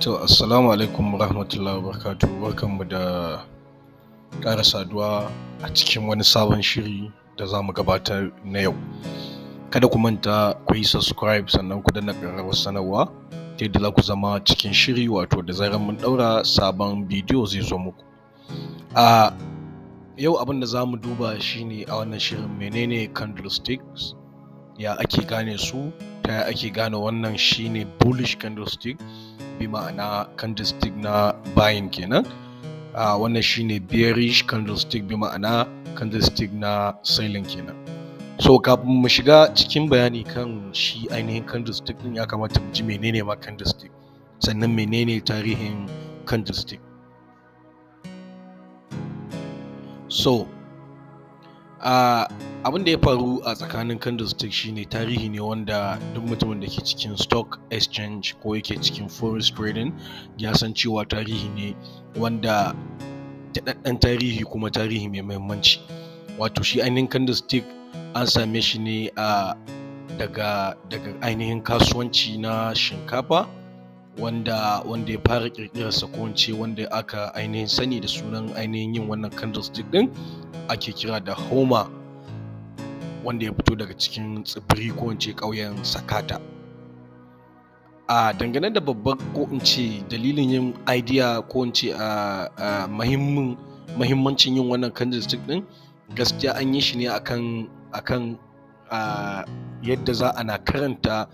To, assalamu alaikum rahmatullahi wabarakatuh barkanmu da ƙara saduwa a cikin wani sabon shiri da zamu mu gabatar na yau. Kada ku manta ku yi subscribe sannan ku danna ƙararrawar sanarwa ta yadda za ku zama cikin shiri wato da zaran mun ɗaura sabon bidiyo zai zo muku. A yau abin da zamu mu duba shine a wannan shirin menene candlesticks ya ake gane su ta ya ake gane wannan shine bullish candlesticks. bi ma'ana candlestick na buying kenan uh, wannan shine bearish candlestick bi ma'ana candlestick na selling kenan so kafin mu shiga cikin bayani kan shi ainihin candlestick din ya kamata mu ji menene ma candlestick sannan menene tarihin candlestick so uh, abin da ya faru a tsakanin candlestick shine tarihi ne wanda duk mutumin da ke cikin stock exchange ko yake cikin forex trading ya san cewa tarihi ne wanda daɗaɗɗen tarihi kuma tarihi mai muhimmanci wato shi ainihin candlestick an same shi ne a daga daga ainihin kasuwanci na shinkafa wanda wanda ya fara sa ko ce wanda aka ainihin sani da sunan ainihin yin wannan candlestick din ake kira da homer wanda ya fito daga cikin tsibiri ko in ce ƙauyen sakata a dangane da babban ko in ce dalilin yin idea ko in ce a mahimmancin yin wannan stick din gaskiya an yi shi ne akan akan yadda za ana karanta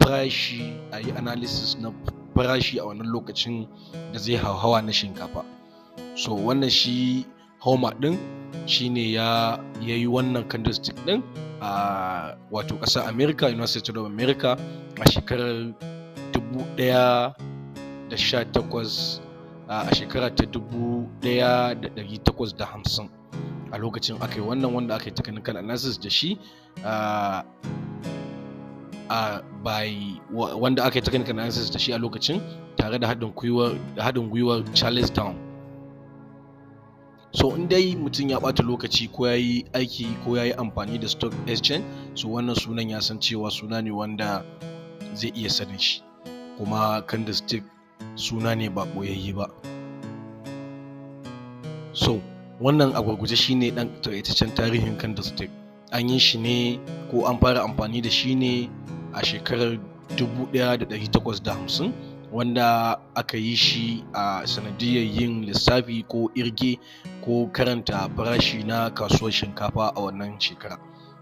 farashi a yi analysis na farashi a wannan lokacin da zai hauhawa na shinkafa so wannan shi Homer ɗin shine ya yi wannan candlestick ɗin a wato ƙasar America, United States of America a shekarar 18 a shekara ta 1850 a lokacin aka yi wannan wanda aka yi technical analysis da shi a bai wanda aka yi technical analysis da shi a lokacin tare da haɗin gwiwar charlestown so in dai mutum ya ɓata lokaci ko ya yi aiki ko ya yi amfani da stock exchange so wannan sunan ya san cewa suna ne wanda zai iya sanin shi kuma candlestick suna ne ba koyayye ba so wannan a shi shine ɗan taƙaitaccen tarihin candlestick an yi shi ne ko an fara amfani da shi ne a shekarar 1850 wanda aka yi shi a sanadiyar yin lissafi ko irge ko karanta farashi na kasuwar shinkafa a wannan shekara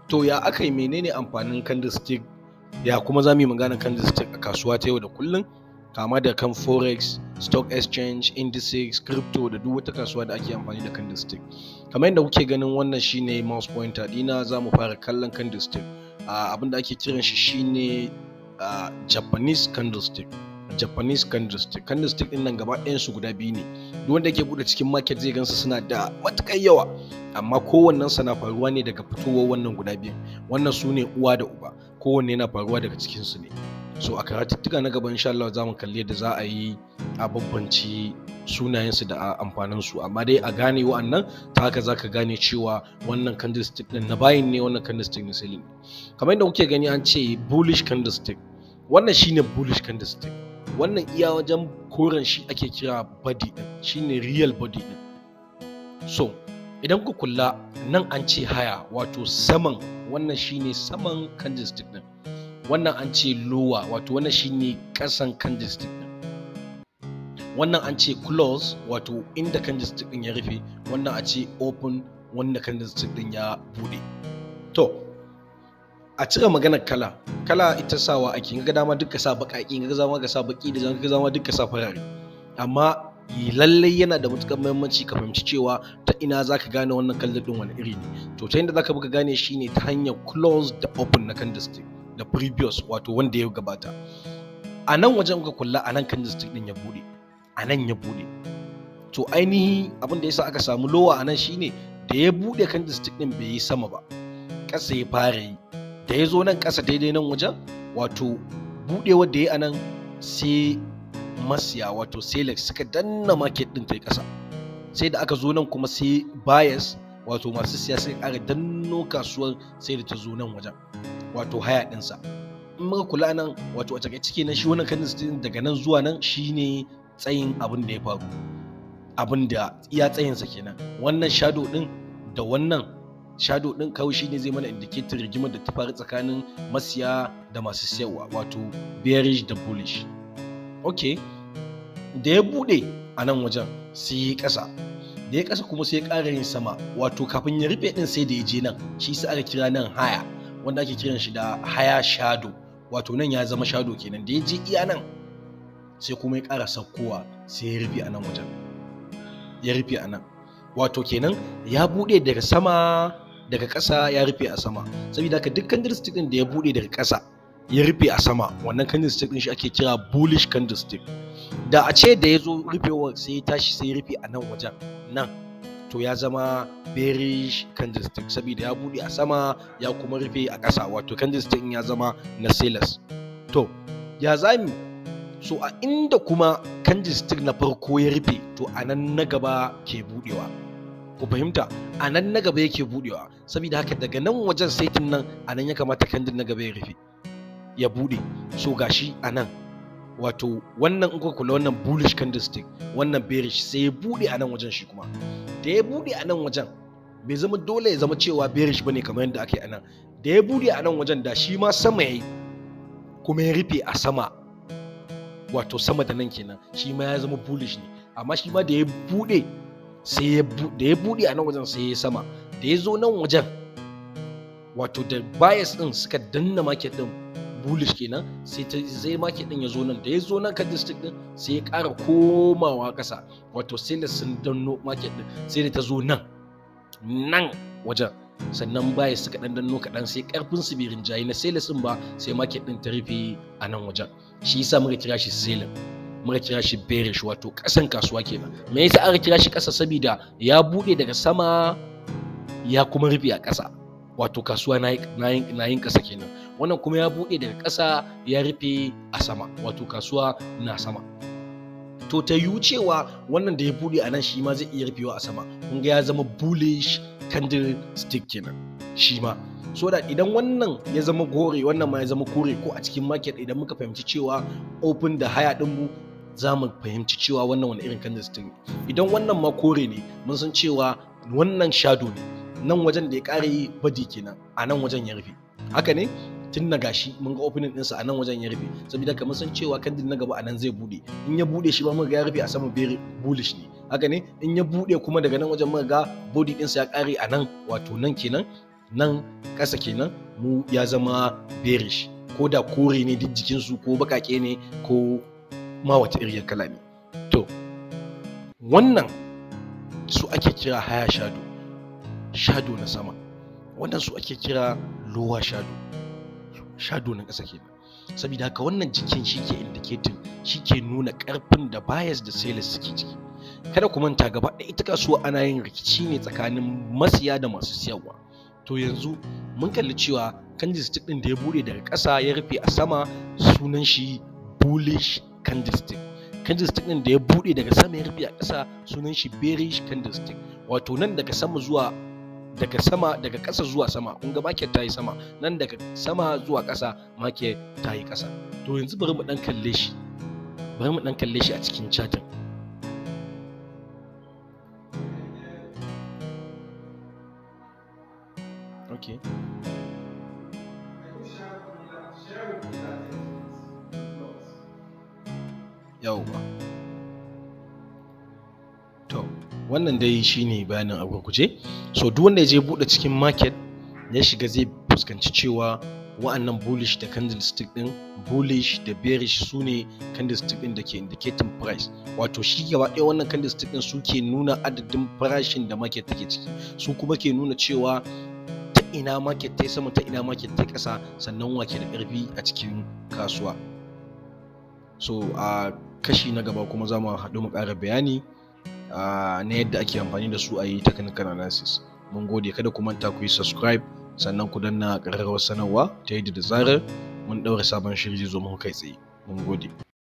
to ya aka yi menene amfanin candlestick ya kuma za mu yi magana candlestick a kasuwa ta yau da kullum kama da kan forex stock exchange indices crypto da duk wata kasuwa da ake amfani da candlestick kamar yadda kuke ganin wannan shine mouse pointer dina za mu fara kallon candlestick ah, abin da ake kiran shi shine ah, japanese candlestick japanese candlestick candlestick din nan gaba ɗayan su guda biyu ne duk wanda yake bude cikin market zai gansu suna da matukar yawa amma kowannen na faruwa ne daga fitowar wannan guda biyu wannan su ne uwa da uba kowanne yana faruwa daga cikin su ne so a karatuttuka na gaba insha Allah za mu kalli yadda za a yi a babbanci su da amfanin su amma dai a gane wa'annan ta haka za ka gane cewa wannan candlestick din na bayin ne wannan candlestick ne selling kamar yadda kuke gani an ce bullish candlestick wannan shine bullish candlestick wannan iya wajen koren shi ake kira body din shine real body din so idan ku kula nan an ce haya wato saman wannan shine saman stick din wannan an ce lower wato wannan shine kasan stick din wannan an ce close wato inda stick din ya rufe wannan a ce open wanda stick din ya bude to a cire maganar kala kala ita sawa ake ga dama duka sa baƙaƙi ga zama ga sa baƙi da ga zama duka sa farare amma lallai yana da matukar muhimmanci ka fahimci cewa ta ina zaka gane wannan kallon din wani iri ne to ta inda zaka buga gane shine ta hanyar close da open na candlestick da previous wato wanda ya gabata a nan wajen ka kula a nan candlestick din ya bude a nan ya bude to ainihi abin da yasa aka samu lowa a nan shine da ya bude candlestick din bai yi sama ba ƙasa ya fara yi da ya zo nan ƙasa daidai nan wajen wato buɗewar da ya a nan sai masiya wato selex suka danna market ɗin ta ƙasa sai da aka zo nan kuma sai bias wato masu siya suka ƙara danno kasuwar sai da ta zo nan wajen wato haya ɗinsa in muka kula nan wato a ciki na shi wannan kanin daga nan zuwa nan shine tsayin abin da ya faru abin da iya tsayinsa kenan wannan shadow ɗin da wannan shadow din kawo ne zai mana indicator rigimar da ta faru tsakanin masiya da masu siyarwa wato bearish da bullish okay da ya bude a nan wajen sai ya kasa da ya kasa kuma sai ya ƙara yin sama wato kafin ya rufe din sai da ya je nan shi sai aka kira nan haya wanda ake kiran shi da haya shadow wato nan ya zama shadow kenan da ya je iya nan sai kuma ya ƙara saukowa sai ya rufe a nan wajen ya rufe a nan wato kenan ya buɗe daga sama daga ƙasa ya rufe a sama saboda haka duk candlestick ɗin da ya buɗe daga ƙasa ya rufe a sama wannan candlestick ɗin shi ake kira bullish candlestick da a ce da ya zo rufewa sai ya tashi sai ya rufe a nan wajen nan to ya zama bearish candlestick saboda ya buɗe a sama ya kuma rufe a ƙasa wato candlestick ya zama na sellers to ya zami so a inda kuma candlestick na farko ya rufe to anan na gaba ke buɗewa ku fahimta a nan na gaba yake budewa saboda haka daga nan wajen saitin nan a nan ya kamata kandin na gaba ya rufe ya bude so gashi a nan wato wannan in kula wannan bullish candlestick wannan bearish sai ya bude a nan wajen shi kuma da ya bude a nan wajen bai zama dole ya zama cewa bearish bane kamar yadda ake a nan da ya bude a nan wajen da shi ma sama yayi kuma ya rufe a sama wato sama da nan kenan shi ma ya zama bullish ne amma shi ma da ya bude sai da ya buɗe a nan wajen sai ya sama da ya zo nan wajen wato da bias din suka danna market din bullish kenan sai ta zai market din ya zo nan da ya zo nan ka district din sai ya ƙara komawa ƙasa wato da sun danno market din sai da ta zo nan nan wajen sannan bias suka dan danno kaɗan sai ƙarfin su bai rinjayi na sales din ba sai market din ta rufe a nan wajen shi yasa muka kira shi selling muka kira shi bearish wato ƙasan kasuwa kenan me yasa aka kira shi kasa saboda ya buɗe daga sama ya kuma rufe a ƙasa wato kasuwa na yin ƙasa kenan wannan kuma ya buɗe daga kasa ya rufe a sama wato kasuwa na sama to ta yiwu cewa wannan da ya buɗe a nan shi ma zai iya rufewa a sama kun ga ya zama bullish candle stick kenan shi ma so da idan wannan ya zama gore wannan ma ya zama kore ko a cikin market idan muka fahimci cewa open da haya din mu za mu fahimci cewa wannan wani irin candlestick ne idan wannan ma kore ne mun san cewa wannan shadow ne nan wajen da ya ƙara yi badi kenan a nan wajen ya rufe haka ne tun na gashi mun ga opening ɗinsa a nan wajen ya rufe saboda ka mun san cewa candle na gaba a nan zai bude in ya bude shi ba mun ga ya rufe a saman very bullish ne haka ne in ya bude kuma daga nan wajen mun ga body ɗinsa ya ƙare a nan wato nan kenan nan ƙasa kenan mu ya zama bearish ko da kore ne duk jikinsu ko baƙaƙe ne ko ma wata iriyar kala ne to wannan su ake kira haya shado shado na sama wannan su ake kira lowa shado shado na ƙasa ke saboda haka wannan jikin shi ke indicating shi ke nuna ƙarfin da bias da sales suke ciki kada ku manta gaba ɗaya ita kasuwa ana yin rikici ne tsakanin masiya da masu siyarwa to yanzu mun kalli cewa candlestick ɗin da ya bude daga ƙasa ya rufe a sama sunan shi bullish candlestick candlestick ɗin da ya buɗe daga sama ya rufe a ƙasa sunan shi bearish candlestick wato nan daga sama zuwa daga sama daga ƙasa zuwa sama kun ga market ta yi sama nan daga sama zuwa ƙasa market ta yi ƙasa to yanzu bari mu ɗan kalle shi bari mu ɗan kalle shi a cikin chatin okay. yawwa to wannan dai shine bayanin a kuje, so duk wanda ya je bude cikin market ya shiga zai fuskanci cewa wa'annan bullish da candlestick din bullish da bearish su ne candlestick din da ke indicating price wato shi gaba ɗaya wannan candlestick din su ke nuna adadin farashin da market take ciki su kuma ke nuna cewa ta ina market ta sama ta ina market ta ƙasa sannan wake da ƙarfi a cikin kasuwa so kashi na gaba kuma za mu haɗu mu ƙara bayani na yadda ake amfani da su a yi technical analysis mun gode kada ku manta ku yi subscribe sannan ku danna ƙararrawar sanarwa ta yadda da zarar mun ɗaura sabon shiri zuwa kai tsaye mun gode